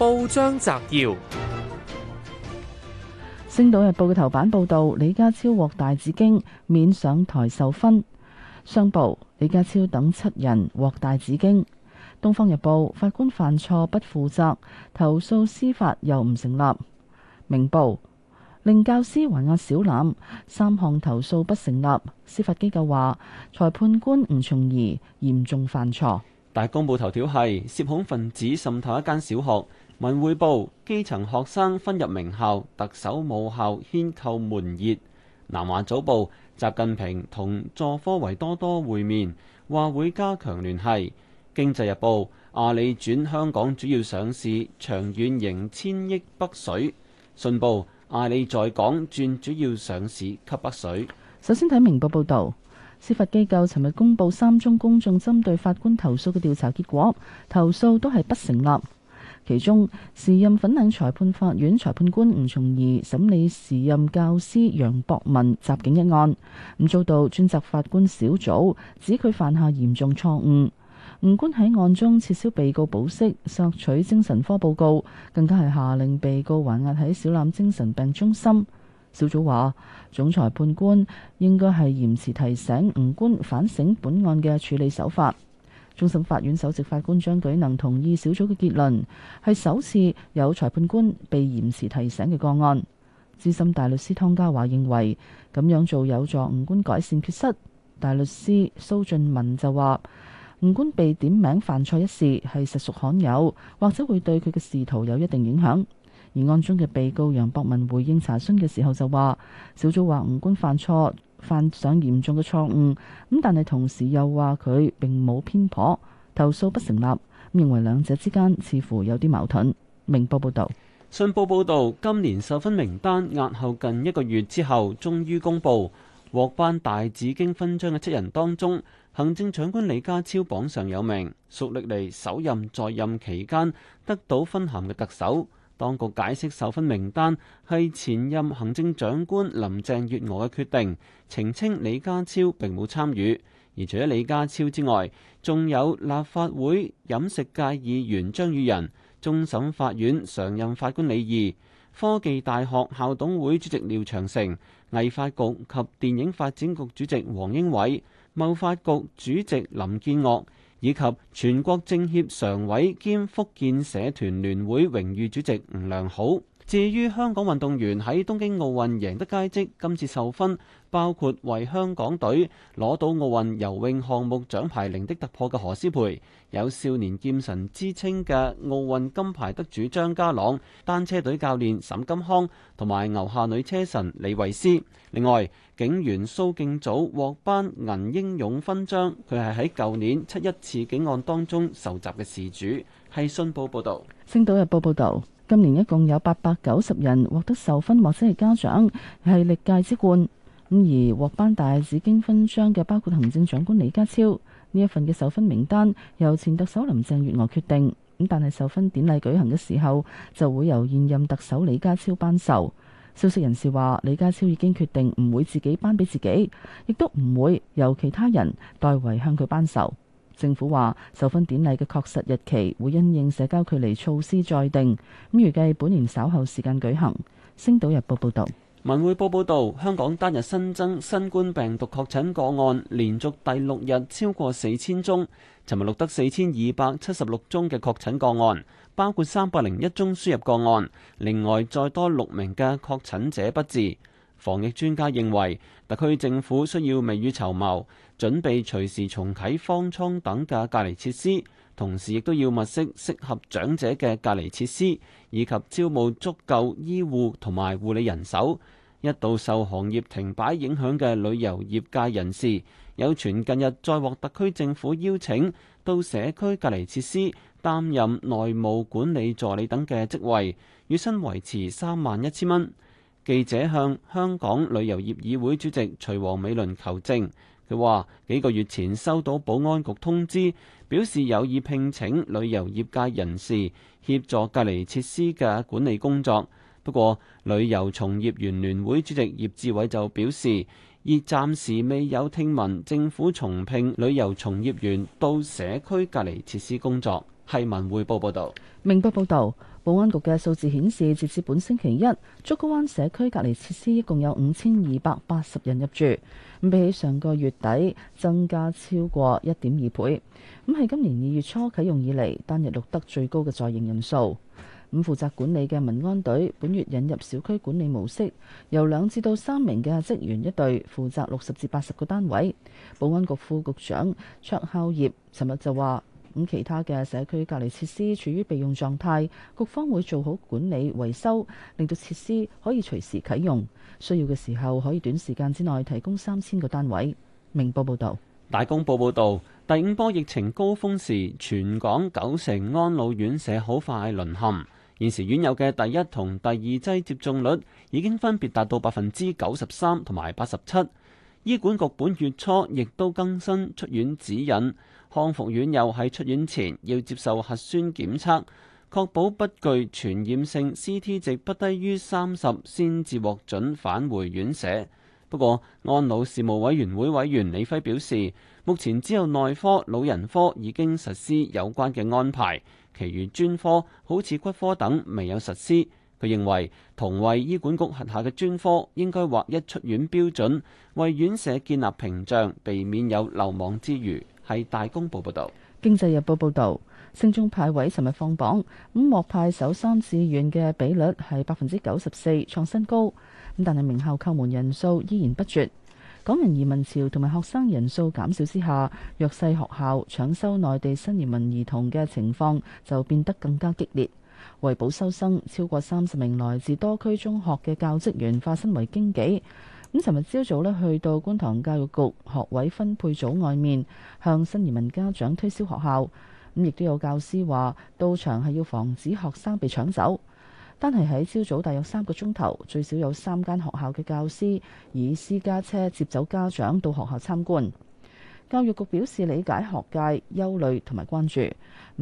報章摘要：《星島日報》嘅頭版報道李家超獲大紫荊，免上台授勳。《商報》李家超等七人獲大紫荊。《東方日報》法官犯錯不負責，投訴司法又唔成立。《明報》令教師還押小欖，三項投訴不成立。司法機構話裁判官吳重儀嚴重犯錯。大公報頭條係涉恐分子滲透一間小學。文匯報，基層學生分入名校，特首母校牽扣門熱。南華早報，習近平同佐科維多多會面，話會加強聯繫。經濟日報，阿里轉香港主要上市，長遠迎千億北水。信報，阿里在港轉主要上市吸北水。首先睇明報報道，司法機構尋日公佈三宗公眾針對法官投訴嘅調查結果，投訴都係不成立。其中，時任粉嶺裁判法院裁判官吳崇儀審理時任教師楊博文襲警一案，唔遭到專責法官小組指佢犯下嚴重錯誤。吳官喺案中撤銷被告保釋，索取精神科報告，更加係下令被告還押喺小欖精神病中心。小組話，總裁判官應該係嚴詞提醒吳官反省本案嘅處理手法。終審法院首席法官張舉能同意小組嘅結論，係首次有裁判官被嚴詞提醒嘅個案。資深大律師湯家華認為咁樣做有助吳官改善缺失。大律師蘇俊文就話，吳官被點名犯錯一事係實屬罕有，或者會對佢嘅仕途有一定影響。而案中嘅被告楊博文回應查詢嘅時候就話，小組話吳官犯錯。犯上嚴重嘅錯誤，咁但係同時又話佢並冇偏頗，投訴不成立，認為兩者之間似乎有啲矛盾。明報報道：「信報報道，今年授勳名單押後近一個月之後，終於公布獲頒大紫荊勳章嘅七人當中，行政長官李家超榜上有名，屬歷嚟首任在任期間得到勳銜嘅特首。當局解釋首份名單係前任行政長官林鄭月娥嘅決定，澄清李家超並冇參與。而除咗李家超之外，仲有立法會飲食界議員張宇人、終審法院常任法官李義、科技大學校董會主席廖長成、藝發局及電影發展局主席王英偉、貿發局主席林建岳。以及全國政協常委兼福建社團聯會榮譽主席吳良好。至於香港運動員喺東京奧運贏得佳績，今次受勳包括為香港隊攞到奧運游泳項目獎牌零的突破嘅何詩蓓，有少年劍神之稱嘅奧運金牌得主張家朗，單車隊教練沈金康，同埋牛下女車神李慧詩。另外，警員蘇敬祖獲頒銀英勇勳章，佢係喺舊年七一刺警案當中受襲嘅事主。係信報報導，《星島日報》報道。今年一共有八百九十人獲得授勳或者係嘉獎，係歷屆之冠。咁而獲頒大紫荊勳章嘅包括行政長官李家超。呢一份嘅授勳名單由前特首林鄭月娥決定。咁但係授勳典禮舉行嘅時候，就會由現任特首李家超頒授。消息人士話，李家超已經決定唔會自己頒俾自己，亦都唔會由其他人代為向佢頒授。政府話授勳典禮嘅確實日期會因應社交距離措施再定，咁預計本年稍後時間舉行。星島日報報道，文匯報報道，香港單日新增新冠病毒確診個案，連續第六日超過四千宗。尋日錄得四千二百七十六宗嘅確診個案，包括三百零一宗輸入個案，另外再多六名嘅確診者不治。防疫專家認為，特區政府需要未雨綢繆。準備隨時重啟方艙等嘅隔離設施，同時亦都要物色適合長者嘅隔離設施，以及招募足夠醫護同埋護理人手。一度受行業停擺影響嘅旅遊業界人士，有傳近日再獲特區政府邀請到社區隔離設施擔任內務管理助理等嘅職位，月薪維持三萬一千蚊。記者向香港旅遊業議會主席徐王美倫求證。佢話：幾個月前收到保安局通知，表示有意聘請旅遊業界人士協助隔離設施嘅管理工作。不過，旅遊從業員聯會主席葉志偉就表示，而暫時未有聽聞政府重聘旅遊從業員到社區隔離設施工作。係文匯報報道，明報報道。保安局嘅數字顯示，截至本星期一，竹篙灣社區隔離設施一共有五千二百八十人入住，咁比起上個月底增加超過一點二倍，咁係今年二月初啟用以嚟單日錄得最高嘅在營人數。咁負責管理嘅民安隊本月引入小區管理模式，由兩至到三名嘅職員一隊負責六十至八十個單位。保安局副局長卓孝業尋日就話。咁其他嘅社區隔離設施處於備用狀態，局方會做好管理、維修，令到設施可以隨時啟用，需要嘅時候可以短時間之內提供三千個單位。明報報道。大公報報道，第五波疫情高峰時，全港九成安老院舍好快淪陷，現時院友嘅第一同第二劑接種率已經分別達到百分之九十三同埋八十七。醫管局本月初亦都更新出院指引，康復院友喺出院前要接受核酸檢測，確保不具傳染性，CT 值不低於三十先至獲准返回院舍。不過，安老事務委員會委員李輝表示，目前只有內科、老人科已經實施有關嘅安排，其餘專科好似骨科等未有實施。佢認為，同為醫管局轄下嘅專科應該劃一出院標準，為院舍建立屏障，避免有流亡之餘。係大公報報導，《經濟日報》報導，升中派位尋日放榜，五、嗯、獲派首三志願嘅比率係百分之九十四，創新高。咁但係名校叩門人數依然不絕。港人移民潮同埋學生人數減少之下，弱勢學校搶收內地新移民兒童嘅情況就變得更加激烈。為保收生，超過三十名來自多區中學嘅教職員化身為經紀。咁，尋日朝早呢，去到觀塘教育局學位分配組外面，向新移民家長推銷學校。咁亦都有教師話到場係要防止學生被搶走。單係喺朝早大約三個鐘頭，最少有三間學校嘅教師以私家車接走家長到學校參觀。教育局表示理解學界憂慮同埋關注，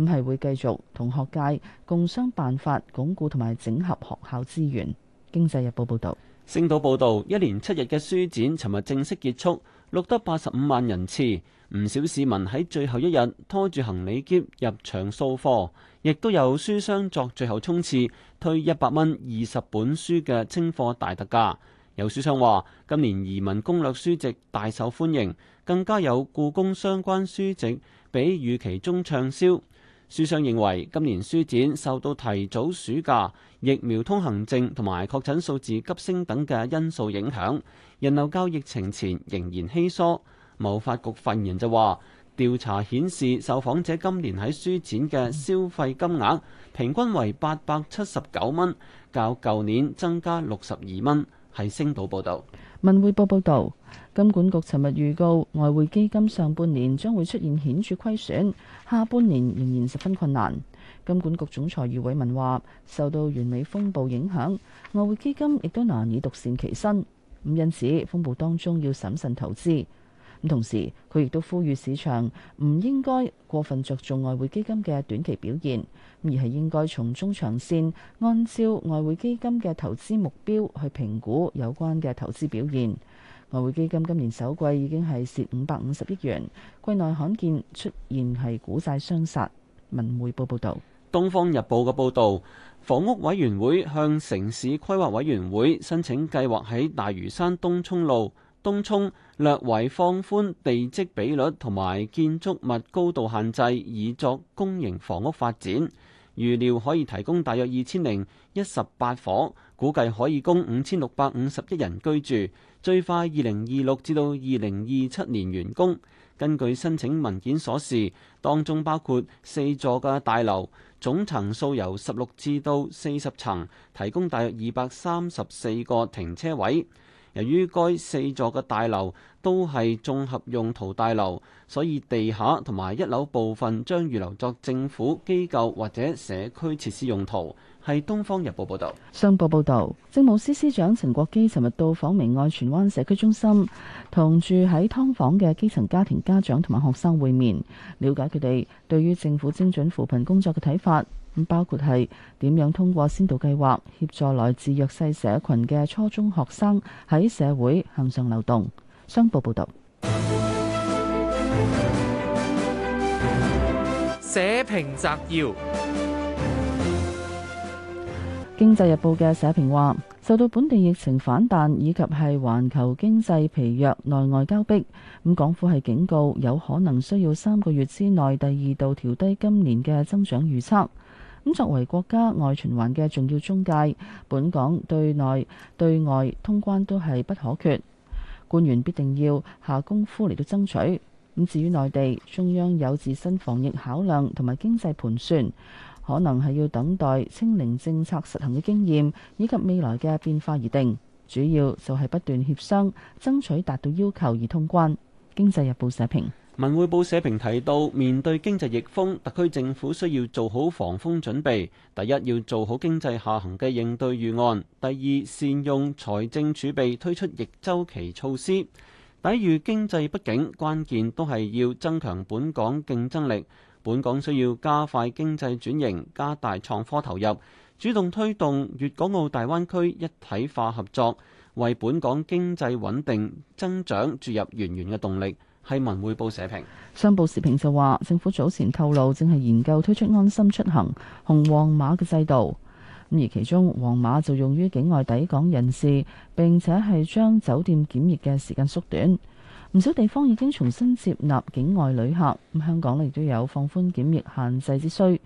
唔係會繼續同學界共商辦法，鞏固同埋整合學校資源。經濟日報報道，星島報道一連七日嘅書展，尋日正式結束，錄得八十五萬人次。唔少市民喺最後一日拖住行李篋入場掃貨，亦都有書商作最後衝刺，退一百蚊二十本書嘅清貨大特價。有書商話：今年移民攻略書籍大受歡迎，更加有故宮相關書籍比預期中暢銷。書商認為今年書展受到提早暑假、疫苗通行證同埋確診數字急升等嘅因素影響，人流交易情前仍然稀疏。貿發局發言就話，調查顯示受訪者今年喺書展嘅消費金額平均為八百七十九蚊，較舊年增加六十二蚊。係星島報道，文匯報報道。金管局尋日預告，外匯基金上半年將會出現顯著虧損，下半年仍然十分困難。金管局總裁余偉文話，受到完美風暴影響，外匯基金亦都難以獨善其身。咁因此，風暴當中要審慎投資。咁同時，佢亦都呼籲市場唔應該過分着重外匯基金嘅短期表現，而係應該從中長線按照外匯基金嘅投資目標去評估有關嘅投資表現。外匯基金今年首季已經係蝕五百五十億元，季內罕見出現係股債雙殺。文匯報報道。東方日報嘅報道，房屋委員會向城市規劃委員會申請計劃喺大嶼山東涌路。東涌略為放寬地積比率同埋建築物高度限制，以作公營房屋發展。預料可以提供大約二千零一十八伙，估計可以供五千六百五十一人居住。最快二零二六至到二零二七年完工。根據申請文件所示，當中包括四座嘅大樓，總層數由十六至到四十層，提供大約二百三十四個停車位。由於該四座嘅大樓都係綜合用途大樓，所以地下同埋一樓部分將預留作政府機構或者社區設施用途。係《東方日報》報道。商報報道，政務司司長陳國基尋日到訪明愛荃灣社區中心，同住喺㓥房嘅基層家庭家長同埋學生會面，了解佢哋對於政府精準扶貧工作嘅睇法，包括係點樣通過先導計劃協助來自弱勢社群嘅初中學生喺社會向上流動。商報報道社評摘要，《經濟日報》嘅社評話，受到本地疫情反彈以及係環球經濟疲弱內外交迫，港府係警告，有可能需要三個月之內第二度調低今年嘅增長預測。咁作為國家外循環嘅重要中介，本港對內對外通關都係不可缺，官員必定要下功夫嚟到爭取。咁至於內地，中央有自身防疫考量同埋經濟盤算，可能係要等待清零政策實行嘅經驗以及未來嘅變化而定，主要就係不斷協商，爭取達到要求而通關。經濟日報社評。文匯報社評提到，面對經濟逆風，特區政府需要做好防風準備。第一，要做好經濟下行嘅應對預案；第二，善用財政儲備推出逆週期措施，抵禦經濟不景。關鍵都係要增強本港競爭力。本港需要加快經濟轉型，加大創科投入，主動推動粵港澳大灣區一體化合作，為本港經濟穩定增長注入源源嘅動力。係文匯報社評，商報時評就話，政府早前透露正係研究推出安心出行紅黃碼嘅制度，咁而其中黃碼就用於境外抵港人士，並且係將酒店檢疫嘅時間縮短，唔少地方已經重新接納境外旅客，咁香港呢亦都有放寬檢疫限制之需。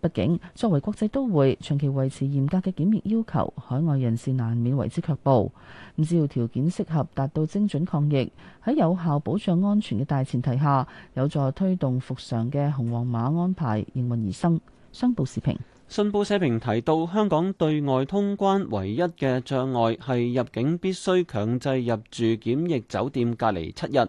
畢竟作為國際都會，長期維持嚴格嘅檢疫要求，海外人士難免為之卻步。唔只要條件適合，達到精準抗疫，喺有效保障安全嘅大前提下，有助推動復常嘅紅黃碼安排應運而生。商報時評，信報社評提到，香港對外通關唯一嘅障礙係入境必須強制入住檢疫酒店隔離七日。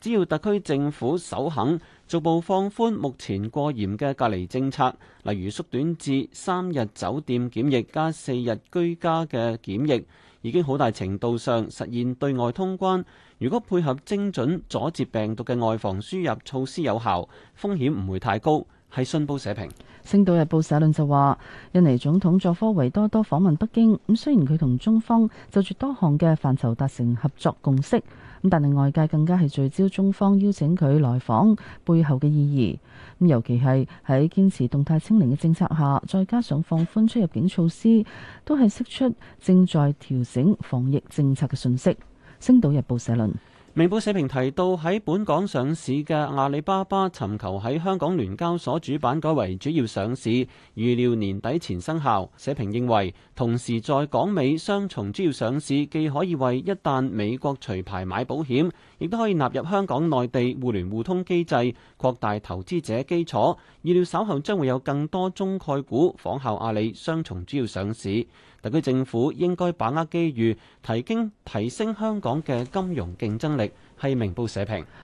只要特區政府首肯逐步放寬目前過嚴嘅隔離政策，例如縮短至三日酒店檢疫加四日居家嘅檢疫，已經好大程度上實現對外通關。如果配合精準阻截病毒嘅外防輸入措施有效，風險唔會太高。係信報社評。《星島日報》社論就話，印尼總統佐科維多多訪問北京，咁雖然佢同中方就住多項嘅範疇達成合作共識，咁但係外界更加係聚焦中方邀請佢來訪背後嘅意義，咁尤其係喺堅持動態清零嘅政策下，再加上放寬出入境措施，都係釋出正在調整防疫政策嘅訊息，《星島日報》社論。明報社評提到，喺本港上市嘅阿里巴巴尋求喺香港聯交所主板改為主要上市，預料年底前生效。社評認為同時在港美雙重主要上市，既可以為一旦美國除牌買保險，亦都可以納入香港內地互聯互通機制，擴大投資者基礎，預料稍後將會有更多中概股仿效阿里雙重主要上市。特區政府應該把握機遇，提經提升香港嘅金融競爭力，係明報社評。